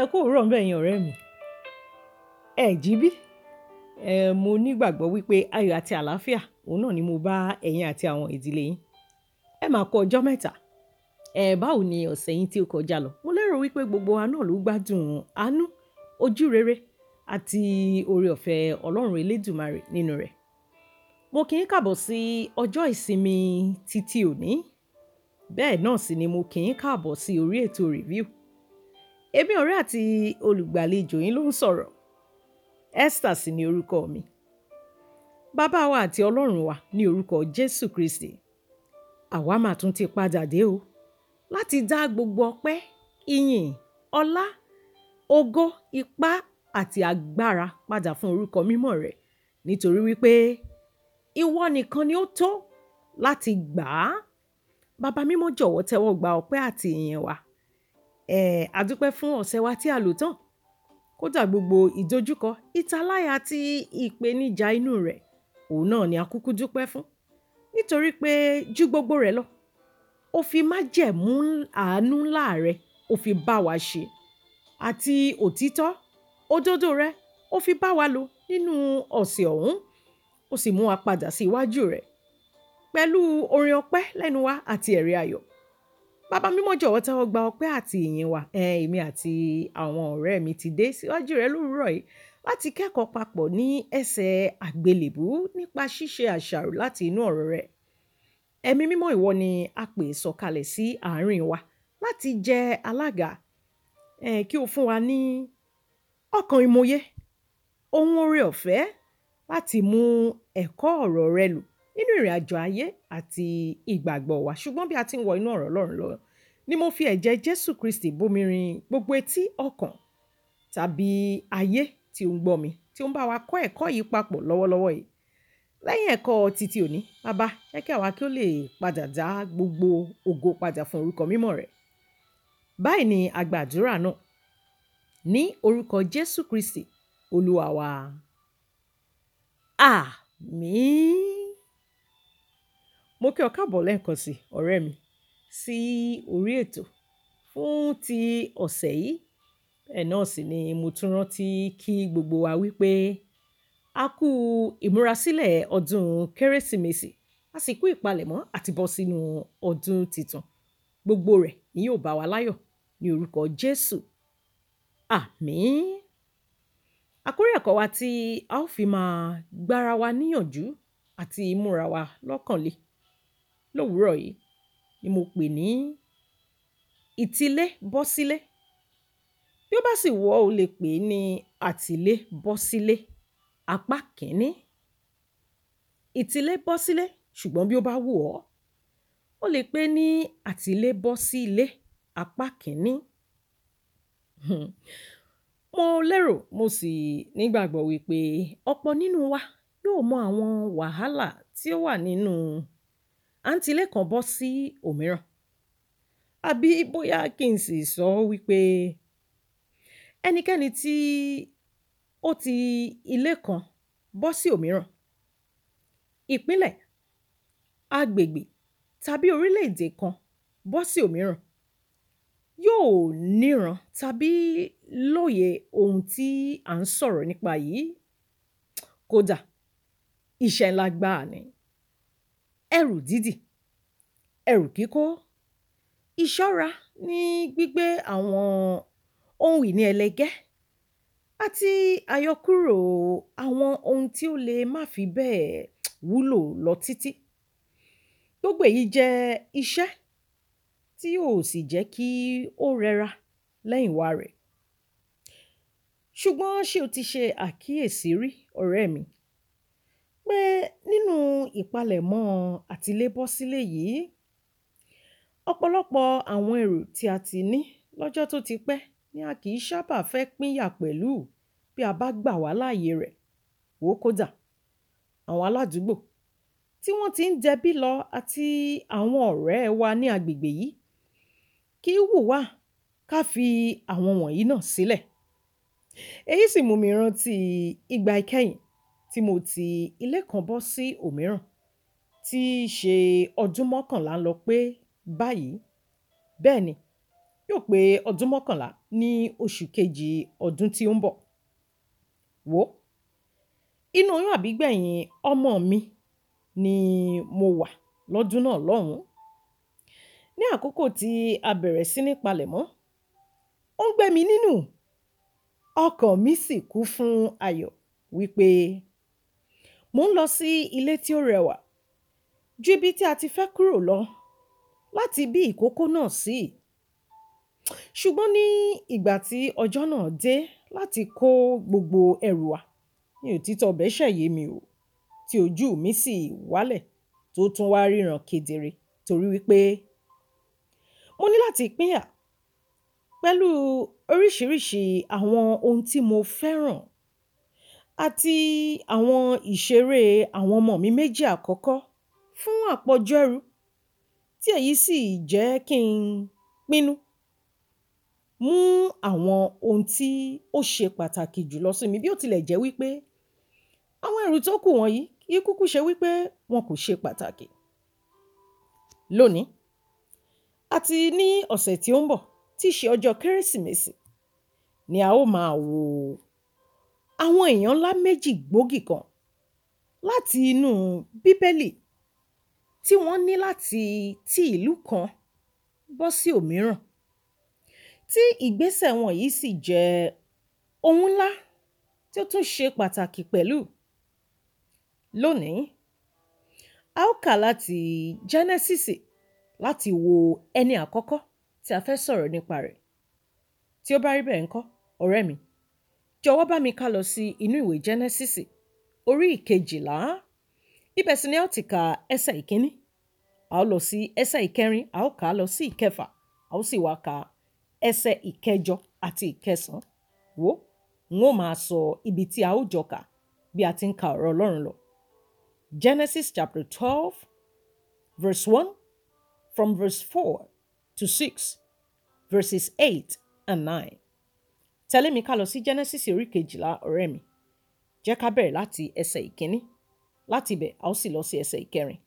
Ẹ kú òwúrọ̀ ńbẹ̀ yin ọ̀rẹ́ mi. Ẹ jí bí? Ehn, mo nígbàgbọ́ wípé ayọ̀ àti àlàáfíà, òun náà ni mo bá ẹ̀yin àti àwọn ìdílé yín. Ẹ máa kú ọjọ́ mẹ́ta. Ehn, báwo ni ọ̀sẹ̀ yín tí ó kọjá lọ? Mo lérò wípé gbogbo wa náà ló gbádùn àánú, ojú rere àti oore ọ̀fẹ́ Ọlọ́run elédùmarè nínú rẹ̀. Mo kì í kàbọ̀ sí ọjọ́ ìsinmi titi òní. Bẹ́ẹ̀ náà sì ni mo kì í kàbọ̀ sí orí ètò review èmi ọ̀rẹ́ àti olùgbàlejò yín ló ń sọ̀rọ̀ Esther sì ni orúkọ mi bàbá wa àti ọlọ́run wa ní orúkọ Jésù Kristi àwa mà tún ti padà dé o láti dá gbogbo ọpẹ́ ìyìn ọlá ògo ipá àti agbára padà fún orúkọ mímọ́ rẹ̀ nítorí wípé ìwọ nìkan ni ó tó láti gbà á bàbá mímọ́ jọ̀wọ́ tẹ́wọ́ gba ọpẹ́ àti ìyìn wa Eh, àdúpẹ́ fún ọ̀sẹ̀ wa tí a lò tán. Kódà gbogbo ìdojúkọ, ìtaláyà àti ìpèníjà inú rẹ̀, òun náà ni a kúkú dúpẹ́ fún. Nítorí pé ju gbogbo rẹ̀ lọ, ó fi májẹ̀mú àánú ńlá rẹ̀, ó fi bá wa ṣe. Àti òtítọ́, òdodo rẹ̀, ó fi bá wa lò nínú ọ̀sẹ̀ ọ̀hún. Ó sì mú wa padà sí iwájú rẹ̀. Pẹ̀lú orin ọpẹ́ lẹ́nu wa àti ẹ̀rí ayọ̀. Baba mímọ́ jọ̀wọ́ tẹ́wọ́ gba ọpẹ́ àti ìyìn wa. Ẹ èmi àti àwọn ọ̀rẹ́ mi ti dé síwájú rẹ lówùúrọ̀ yìí láti kẹ́kọ̀ọ́ papọ̀ ní ẹsẹ̀ àgbélébú nípa ṣíṣe àṣàrò láti inú ọ̀rọ̀ rẹ̀. Ẹ̀mí mímọ́ ìwọ ni a pè sọ̀kalẹ̀ sí àárín wa láti jẹ alága. Ẹ kí o fún wa ní ọkàn ìmọ̀ye, ohun oore ọ̀fẹ́ láti mú ẹ̀kọ́ ọ̀rọ̀ rẹ lò nínú ìrìnàjò ayé àti ìgbàgbọ́ wa. Ṣùgbọ́n bí a ti ń wọ inú ọ̀rọ̀ Ọlọ́run lọ, ni mo fi ẹ̀jẹ̀ Jésù Kristi bomirin gbogbo etí ọkàn tàbí ayé tí ó ń gbọ́ mi, tí ó ń bá wa kọ́ ẹ̀kọ́ yìí papọ̀ lọ́wọ́lọ́wọ́ yìí. Lẹ́yìn ẹ̀kọ́ titi òní, baba, jẹ́ kí àwa kí ó lè padà dá gbogbo ògo padà fún orúkọ mímọ́ rẹ̀. Báyìí ni a gba àdúrà náà. Ní orúkọ Jésù Kristi, Olúwa wa. Àmín. Mo kí ọ káàbọ̀ lẹ́ẹ̀kan sí ọ̀rẹ́ mi sí orí ètò fún ti ọ̀sẹ̀ yìí. Bẹ́ẹ̀ náà sì ni mo tún rántí kí gbogbo wa wípé a kú ìmúrasílẹ̀ ọdún Kérésìmesì, a sì kú ìpalẹ̀mọ́ àti bọ́ sínú ọdún titun. Gbogbo rẹ̀ ni yóò bá wa láyọ̀ ní orúkọ Jésù. Àmín. Àkórí ẹ̀kọ́ wa tí a ó fi máa gbára wa níyànjú àti ìmúra wa lọ́kànlé Lówùrọ̀ yìí ni mo pè ní ìtílé bọ́ sílé. Bí ó bá sì wọ́ o lè pè é ní àtílé bọ́ sílé, apá kìíní. Ìtílé bọ́ sílé ṣùgbọ́n bí ó bá wù ọ́, o lè pè é ní àtílé bọ́ sí ilé, apá kìíní. Hmm. Mo lérò mo sì nígbàgbọ́ wípé ọ̀pọ̀ nínú wa yóò mọ àwọn wàhálà tí ó wà nínú àǹtí lẹ́kan bọ́ sí òmíràn àbí bóyá kí n sì sọ wípé ẹnikẹ́ni tí ó ti ilé kan bọ́ sí òmíràn ìpínlẹ̀ agbègbè tàbí orílẹ̀-èdè kan bọ́ sí òmíràn yóò níran tàbí lóye ohun tí à ń sọ̀rọ̀ nípa yìí kódà iṣẹ́ ńlá ẹrù dídì, ẹrù kíkó, ìṣọ́ra ní gbígbé àwọn ohun ìní ẹlẹgẹ́ àti àyọkúrò àwọn ohun tí ó lè má fi bẹ́ẹ̀ wúlò lọ títí. Gbogbo èyí jẹ́ iṣẹ́ tí ò sì jẹ́ kí ó rẹra lẹ́yìn wá rẹ̀. Ṣùgbọ́n ṣe o ti ṣe àkíyèsí rí ọ̀rẹ́ mi pé nínú ìpalẹ̀mọ́ àtilébọ́sílẹ̀ yìí, ọ̀pọ̀lọpọ̀ àwọn èrò tí a ti ní lọ́jọ́ tó ti pẹ́ ni a kì í sábà fẹ́ pínyà pẹ̀lú bí a bá gbà wá láàyè rẹ̀. Wó kódà, àwọn aládùúgbò tí wọ́n ti ń jẹbí lọ àti àwọn ọ̀rẹ́ wa ní agbègbè yìí kì í wù wá ká fi àwọn wọ̀nyí náà sílẹ̀. Èyí sì mú mi rántí ìgbà ìkẹyìn tí mo ti ilé kan bọ́ sí òmíràn, tí í ṣe ọdún mọ́kànlá lọ pé báyìí. Bẹ́ẹ̀ni, yóò pé ọdún mọ́kànlá ní oṣù kejì ọdún tí ó ń bọ̀. Wò ó, inú oyún àbí ọmọ mi ni mo wà lọ́dún náà lọ́hùn. Ni àkókò tí a bẹ̀rẹ̀ sí ní palẹ̀mọ́, ó ń gbé mi nínú, ọkàn mi sì kún fún ayọ̀ wípé Mò ń lọ sí ilé tí ó rẹwà ju ibi tí a ti fẹ́ kúrò lọ láti bí ìkókó náà sí. Ṣùgbọ́n ní ìgbà tí ọjọ́ náà dé láti kó gbogbo ẹrù wa, mi ò títọ́ bẹ̀ ṣẹ̀yẹ mi o, tí ojú mi sì wálẹ̀ tó tún wá ríran kedere torí wípé mo ní láti pínyà pẹ̀lú oríṣiríṣi àwọn ohun tí mo fẹ́ràn àti àwọn ìṣeré àwọn ọmọ mi méjì àkọ́kọ́ fún àpọ̀jù ẹrú, tí èyí sì jẹ́ kí n pinnu mú àwọn ohun tí ó ṣe pàtàkì jù lọ sí mi bí ó tilẹ̀ jẹ́ wípé àwọn ẹrù tó kù wọ̀nyí kì í kúkú ṣe wípé wọn kò ṣe pàtàkì. Lónìí àti ní ọ̀sẹ̀ tí ó ń bọ̀ tí ṣe ọjọ́ Kérésìmesì ni a ó máa wo àwọn èèyàn ńlá méjì gbòógì kan láti inú bíbélì tí wọ́n ní láti ti ìlú kan bọ́ sí òmíràn tí ìgbésẹ̀ wọn yìí sì jẹ́ ohun ńlá tí ó tún ṣe pàtàkì pẹ̀lú. Lónìí, a ó kà láti Genesis láti wo ẹni àkọ́kọ́ tí a fẹ́ sọ̀rọ̀ nípa rẹ̀. Tí ó bá rí bẹ́ẹ̀ ńkọ́, ọ̀rẹ́ mi, jọ̀wọ́ bá mi kálọ sí inú ìwé Jẹ́nẹ́sísì orí ìkejìlá ibẹ̀ sì ni a ó ti ka ẹsẹ̀ ìkíní a ó lọ sí ẹsẹ̀ ìkẹrin a ó kà á lọ sí ìkẹfà a ó sì wá ka ẹsẹ̀ ìkẹjọ àti ìkẹsàn wo n ó máa sọ ibi tí a ó jọ kà bí a ti ń ka ọ̀rọ̀ Ọlọ́run lọ Genesis chapter twelve verse one from verse four to six verses eight and nine. Tẹ̀lé mi ká lọ sí Genesis orí kejìlá ọ̀rẹ́ mi. Jẹ́ ká bẹ̀rẹ̀ láti ẹsẹ̀ ìkíní. Láti ibẹ̀ a ó sì lọ sí ẹsẹ̀ ìkẹrin.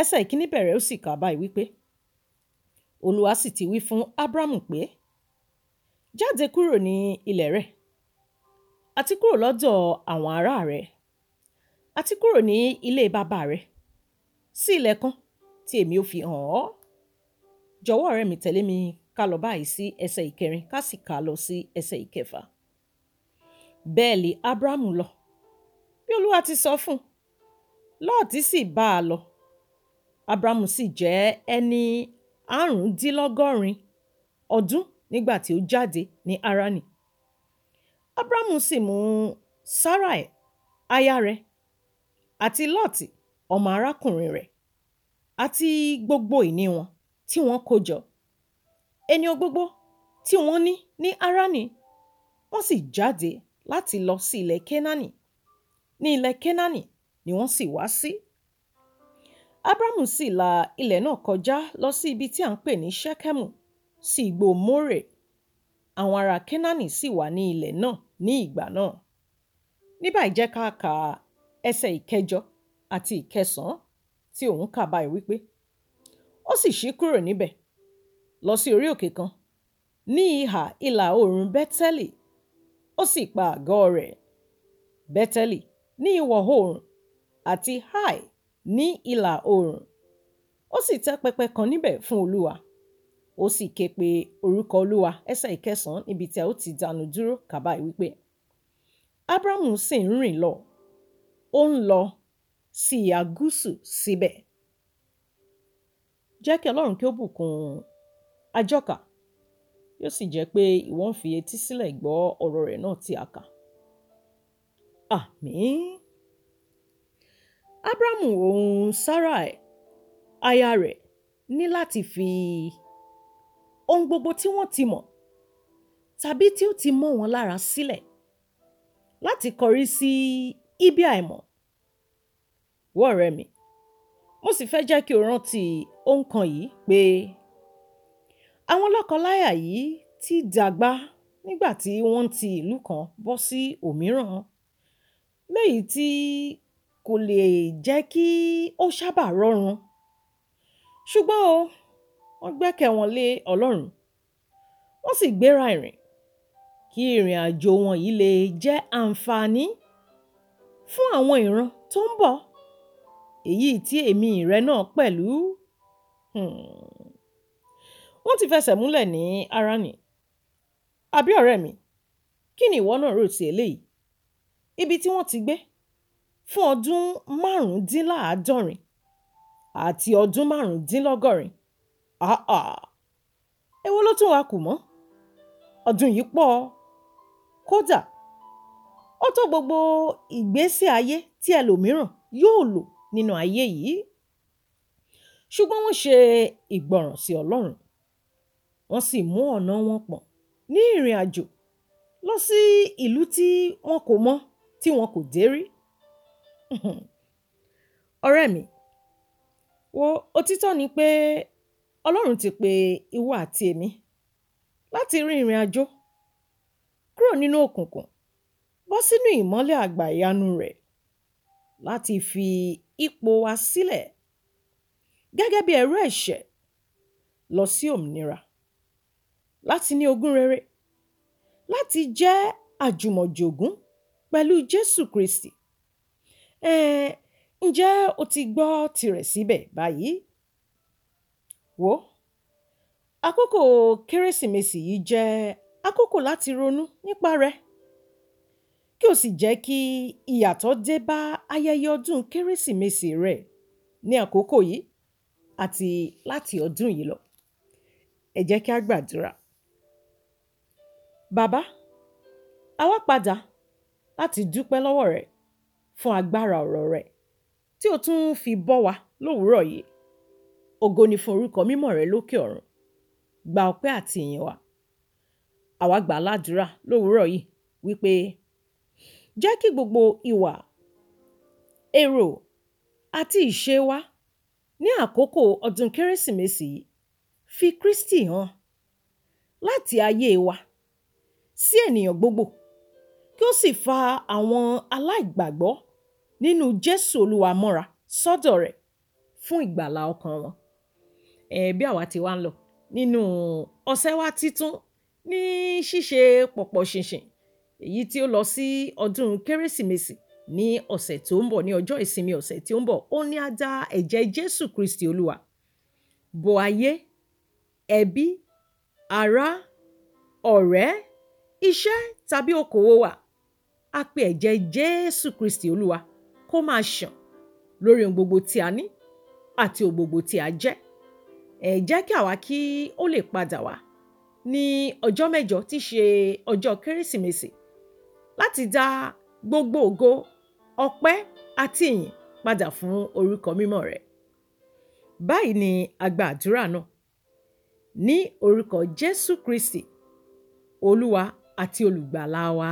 Ẹsẹ̀ ìkíní bẹ̀rẹ̀ ó sì kà báyìí wípé Olúwa sì ti wí fún Ábúrámù pé jáde kúrò ní ilẹ̀ rẹ̀ àti kúrò lọ́dọ̀ àwọn ará rẹ̀ àti kúrò ní ilé bàbá rẹ̀ sí ilẹ̀ kan tí èmi ò fi hàn ọ́. Jọ̀wọ́ ọ̀rẹ́ mi tẹ̀lé mi ká lọ báyìí sí ẹsẹ̀ ìkẹrin ká sì ká lọ sí ẹsẹ̀ ìkẹfà bẹ́ẹ̀ lé Ábúráhámù lọ bí Olúwa ti sọ fún un Lọ́ọ̀tì sì bá a lọ Ábúráhámù sì jẹ́ ẹni àrùndínlọ́gọ́rin ọdún nígbà tí ó jáde ní Harani Ábúráhámù sì mú Sáráì aya rẹ̀ àti Lọ́ọ̀tì ọmọ arákùnrin rẹ̀ àti gbogbo ìní wọn tí wọ́n kó jọ ènìyàn gbogbo tí wọ́n ní ní Harani wọ́n sì jáde láti lọ sí ilẹ̀ Kenani ní ilẹ̀ Kenani ni wọ́n sì wá sí. Abrahamu sì la ilẹ̀ náà kọjá lọ sí ibi tí à ń pè ní Ṣekemu sí igbó More àwọn ará Kenani sì wà ní ilẹ̀ náà ní ìgbà náà. Ní báyìí ká ka ẹsẹ̀ ìkẹjọ àti ìkẹsàn-án tí òun kà báyìí wípé ó sì ṣí kúrò níbẹ̀ lọ sí orí òkè kan ní ìhà ìlà oòrùn bẹ́tẹ́lì ó sì pa àgọ́ rẹ̀ bẹ́tẹ́lì ní ìwọ̀ oòrùn àti Ai ní ìlà oòrùn ó sì tẹ́ pẹpẹ kan níbẹ̀ fún olúwa ó sì ké pe orúkọ olúwa ẹsẹ̀ ìkẹsàn-án níbi tí a ó ti dánu dúró kábàáyé wípé Ábúráhámù sì ń rìn lọ ó ń lọ sí ìhà gúúsù síbẹ̀ jẹ́ kí Ọlọ́run kí ó bùkún àjọkà yóò sì jẹ́ pé ìwọ fi etí sílẹ̀ gbọ́ ọ̀rọ̀ rẹ̀ náà tí a kà. Àmín. Ábúrámù òun Sáráì aya rẹ̀ ní láti fi ohun gbogbo tí wọ́n ti mọ̀ tàbí tí ó ti mọ́ wọn lára sílẹ̀ láti kọrí sí ibi àìmọ̀. Wọ́n mi, mo sì fẹ́ jẹ́ kí o rántí ohun kan yìí pé. Àwọn lọ́kọláya yìí ti dàgbà nígbà tí wọ́n ti ìlú kan bọ́ sí òmíràn, léyìí tí kò lè jẹ́ kí ó sábà rọrùn. Ṣùgbọ́n o, wọ́n gbẹ́kẹ̀ wọn lé Ọlọ́run, wọ́n sì gbéra ìrìn kí ìrìnàjò wọn yìí lè jẹ́ àǹfààní fún àwọn ìran tó ń bọ̀. Èyí tí èmi ìrẹ náà pẹ̀lú. Hmm wọ́n ti fẹsẹ̀ múlẹ̀ ní Harani àbí ọ̀rẹ́ mi kí ni ìwọ náà rò ti eléyìí ibi tí wọ́n ti gbé fún ọdún márùndínláàádọ́rin àti ọdún márùndínlọ́gọ́rin àà èwo ló tún wá kù mọ́ ọdún yìí pọ̀ kódà ó tó gbogbo ìgbésí ayé tí ẹlòmíràn yóò lò nínú ayé yìí ṣùgbọ́n wọ́n ṣe ìgbọràn sí Ọlọ́run wọ́n sì mú ọ̀nà wọn pọ̀ ní ìrìnàjò lọ sí ìlú tí wọn kò mọ̀ tí wọn kò dé rí. Ọ̀rẹ́ mi, wo òtítọ́ ni pé Ọlọ́run ti pe ìwọ àti èmi láti rin ìrìnàjò kúrò nínú òkùnkùn bọ́ sínú ìmọ́lẹ̀ àgbà ìyanu rẹ̀ láti fi ipò wa sílẹ̀ gẹ́gẹ́ bí ẹrú ẹ̀ṣẹ̀ lọ sí òmìnira láti ní ogún rere, láti jẹ́ àjùmọ̀jògún pẹ̀lú Jésù Kristi. Ẹ̀ ǹjẹ́ o ti gbọ́ tirẹ̀ síbẹ̀ báyìí? Wò ó, àkókò Kérésìmesì yìí jẹ́ àkókò láti ronú nípa rẹ̀ kí o sì jẹ́ kí ìyàtọ̀ dé bá ayẹyẹ ọdún Kérésìmesì rẹ ní àkókò yìí àti láti ọdún yìí lọ. Ẹ jẹ́ kí a gbàdúrà. Bàbá, a wá padà láti dúpẹ́ lọ́wọ́ rẹ fún agbára ọ̀rọ̀ rẹ tí o tún fi bọ́ wa l'òwúrọ̀ yìí. Ògo ni fún orúkọ mímọ́ rẹ lókè ọ̀run. Gba ọpẹ́ àti ìyìn wa. Àwa gbà ládùrá l'òwúrọ̀ yìí wípé jẹ́ kí gbogbo ìwà, èrò àti ìṣe wa ní àkókò ọdún Kérésìmesì yìí fi Kristi hàn láti ayé wa sí ènìyàn gbogbo kí ó sì fa àwọn aláìgbàgbọ́ nínú Jésù Olúwa mọ́ra sọ́dọ̀ rẹ̀ fún ìgbàlá ọkàn wọn. ẹ bí àwa ti wá ń lọ nínú ọ̀sẹ̀ wa títún ní ṣíṣe pọ̀pọ̀ ṣìnṣìn èyí tí ó lọ sí ọdún kérésìmesì ní ọ̀sẹ̀ tó ń bọ̀ ní ọjọ́ ìsinmi ọ̀sẹ̀ tí ó ń bọ̀ ó ní á dá ẹ̀jẹ̀ Jésù Kristi Olúwa bò ayé ẹbí ará ọ̀rẹ́ iṣẹ́ tàbí okòwò wa a pe ẹ̀jẹ̀ Jésù Kristi Olúwa kó máa ṣàn lórí ohun gbogbo tí a ní àti ohun gbogbo tí a jẹ́ ẹ jẹ́ kí àwa kí ó lè padà wá ní ọjọ́ mẹ́jọ tí ṣe ọjọ́ Kérésìmesì láti dá gbogbo ògo ọpẹ́ àti ìyìn padà fún orúkọ mímọ́ rẹ̀ báyìí ni àgbà àdúrà náà ní orúkọ Jésù Kristi Olúwa àti olùgbàlà wa.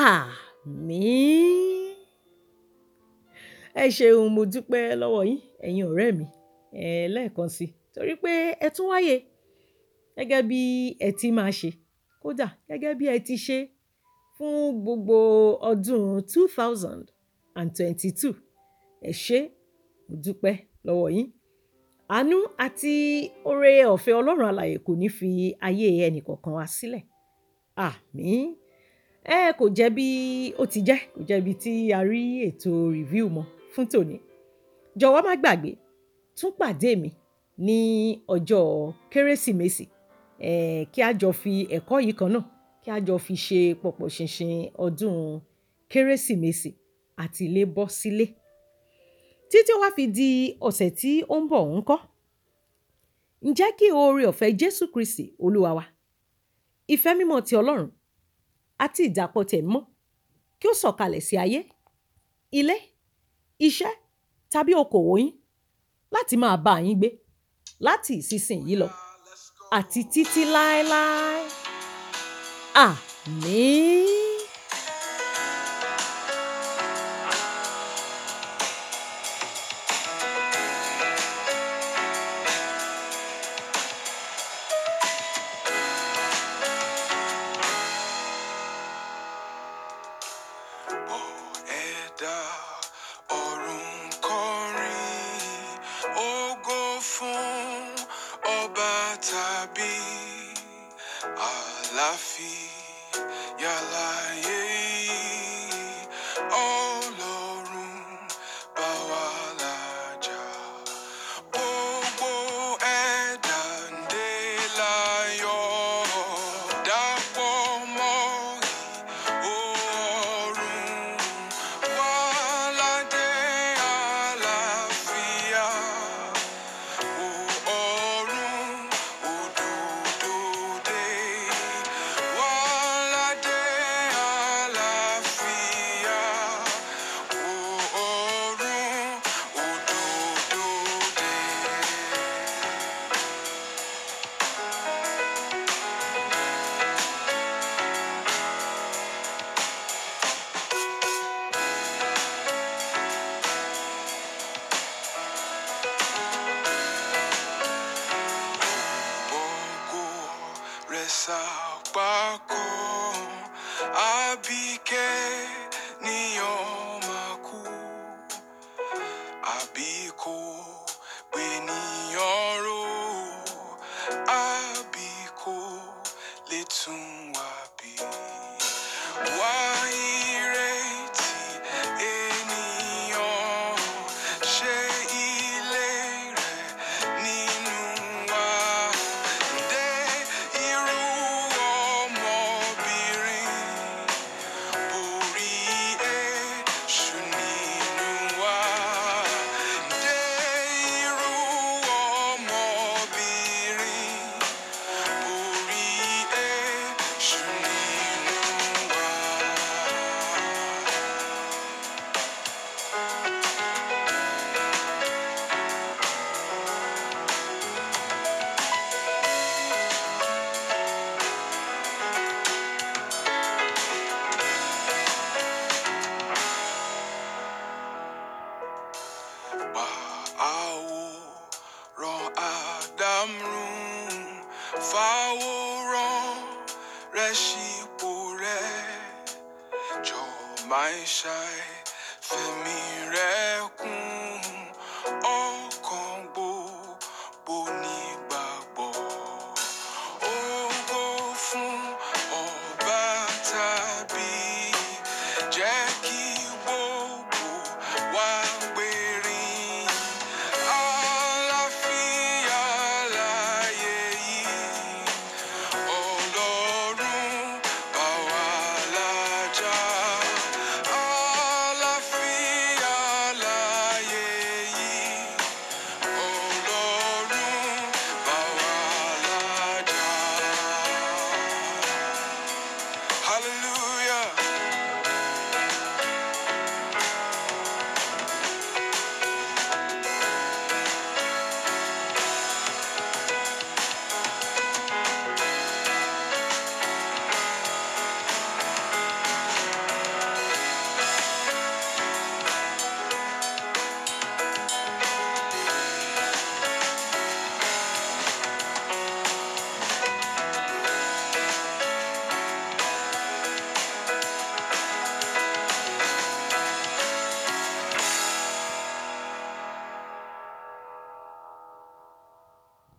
Àmín. Ẹ ṣeun, mo dúpẹ́ lọ́wọ́ yín, ẹ̀yin ọ̀rẹ́ mi, ẹ lẹ́ẹ̀kan si, torí pé ẹ tún wáyé gẹ́gẹ́ bí ẹ ti máa ṣe. Kódà gẹ́gẹ́ bí ẹ ti ṣe fún gbogbo ọdún two thousand and twenty-two. Ẹ ṣé, mo dúpẹ́ lọ́wọ́ yín. Àánú àti oore-ọ̀fẹ́ Ọlọ́run alààyè kò ní fi ayé ẹnì kọ̀ọ̀kan wa sílẹ̀. Àmín. Ẹ kò jẹ́ bí ó ti jẹ́, kò jẹ́ bí tí a rí ètò review mọ fún tòní. Jọ̀wọ́ má gbàgbé, tún pàdé mi ní ọjọ́ Kérésìmesì. Ẹ̀ kí a jọ fi ẹ̀kọ́ yìí kan náà, kí a jọ fi ṣe pọ̀pọ̀ ṣinṣin ọdún Kérésìmesì àti ilé bọ́ sílé títí ó wá fi di ọ̀sẹ̀ tí ó ń bọ̀ ń kọ́ ǹjẹ́ kí oore ọ̀fẹ́ Jésù Kristi Olúwa wa ìfẹ́ mímọ́ ti Ọlọ́run àti ìdàpọ̀ tẹ̀ mọ́ kí ó sọ̀kalẹ̀ sí ayé ilé iṣẹ́ tàbí okòwò yín láti máa bá yín gbé láti ìsinsìnyí lọ àti títí láéláé àmín. Ah,